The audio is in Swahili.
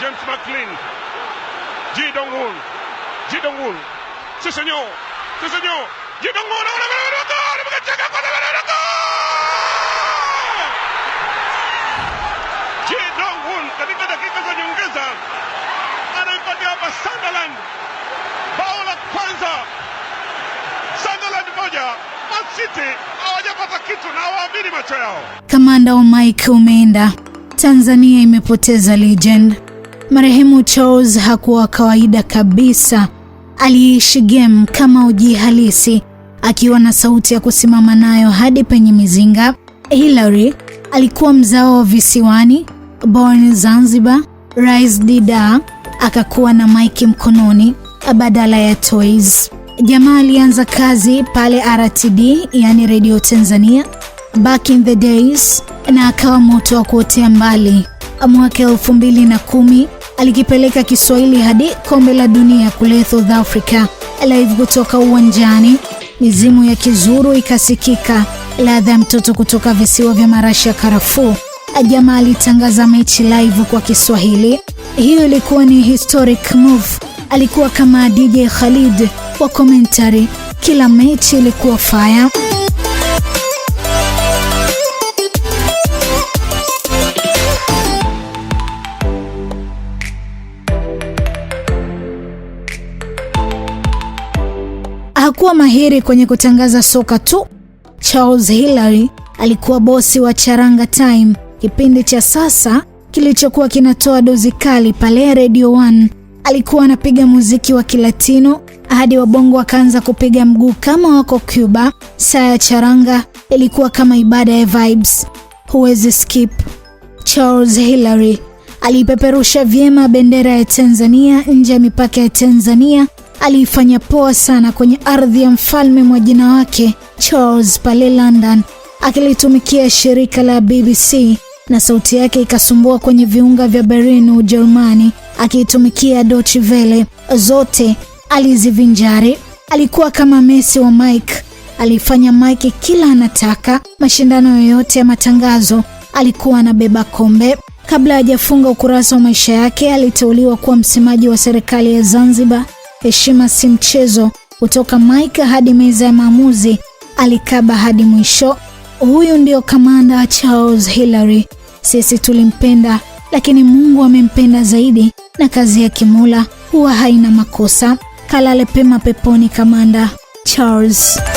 James McLean, Ji dong Hoon, Ji dong Hoon. sí señor, sí señor, Ji dong Hoon, ahora me lo gol, porque llega con el veneno gol! Ji Dong-un katika dakika za ah. nyongeza anaipatia hapa Sunderland bao la kwanza. Sunderland moja Man City hawajapata kitu na hawaamini macho yao. Kamanda wa Mike umeenda. Tanzania imepoteza legend. Marehemu Charles hakuwa kawaida kabisa. Aliishi game kama uji halisi, akiwa na sauti ya kusimama nayo hadi penye mizinga. Hillary alikuwa mzao wa visiwani, born Zanzibar, raised Dida, akakuwa na mike mkononi badala ya toys. Jamaa alianza kazi pale RTD, yani Radio Tanzania back in the days, na akawa moto wa kuotea mbali. Mwaka elfu mbili na kumi alikipeleka Kiswahili hadi kombe la dunia kule South Africa. Live kutoka uwanjani, mizimu ya kizuru ikasikika, ladha ya mtoto kutoka visiwa vya marashi karafuu. Jamaa alitangaza mechi live kwa Kiswahili. Hiyo ilikuwa ni historic move. Alikuwa kama DJ Khalid wa commentary, kila mechi ilikuwa fire. Hakuwa mahiri kwenye kutangaza soka tu. Charles Hilary alikuwa bosi wa Charanga Time, kipindi cha sasa kilichokuwa kinatoa dozi kali pale Radio 1. Alikuwa anapiga muziki wa Kilatino hadi wabongo wakaanza kupiga mguu kama wako Cuba. Saa ya Charanga ilikuwa kama ibada ya vibes, huwezi skip. Charles Hilary aliipeperusha vyema bendera ya Tanzania nje ya mipaka ya Tanzania aliifanya poa sana kwenye ardhi ya mfalme mwa jina wake Charles pale London, akilitumikia shirika la BBC na sauti yake ikasumbua kwenye viunga vya Berlin, Ujerumani, akiitumikia Deutsche Welle. Zote alizivinjari. Alikuwa kama Messi wa Mike, alifanya Mike kila anataka. Mashindano yoyote ya matangazo alikuwa anabeba kombe. Kabla hajafunga ukurasa wa maisha yake, aliteuliwa kuwa msemaji wa serikali ya Zanzibar heshima si mchezo. Kutoka mike hadi meza ya maamuzi, alikaba hadi mwisho. Huyu ndio kamanda Charles Hillary. Sisi tulimpenda, lakini Mungu amempenda zaidi, na kazi ya kimula huwa haina makosa. Kalale pema peponi, kamanda Charles.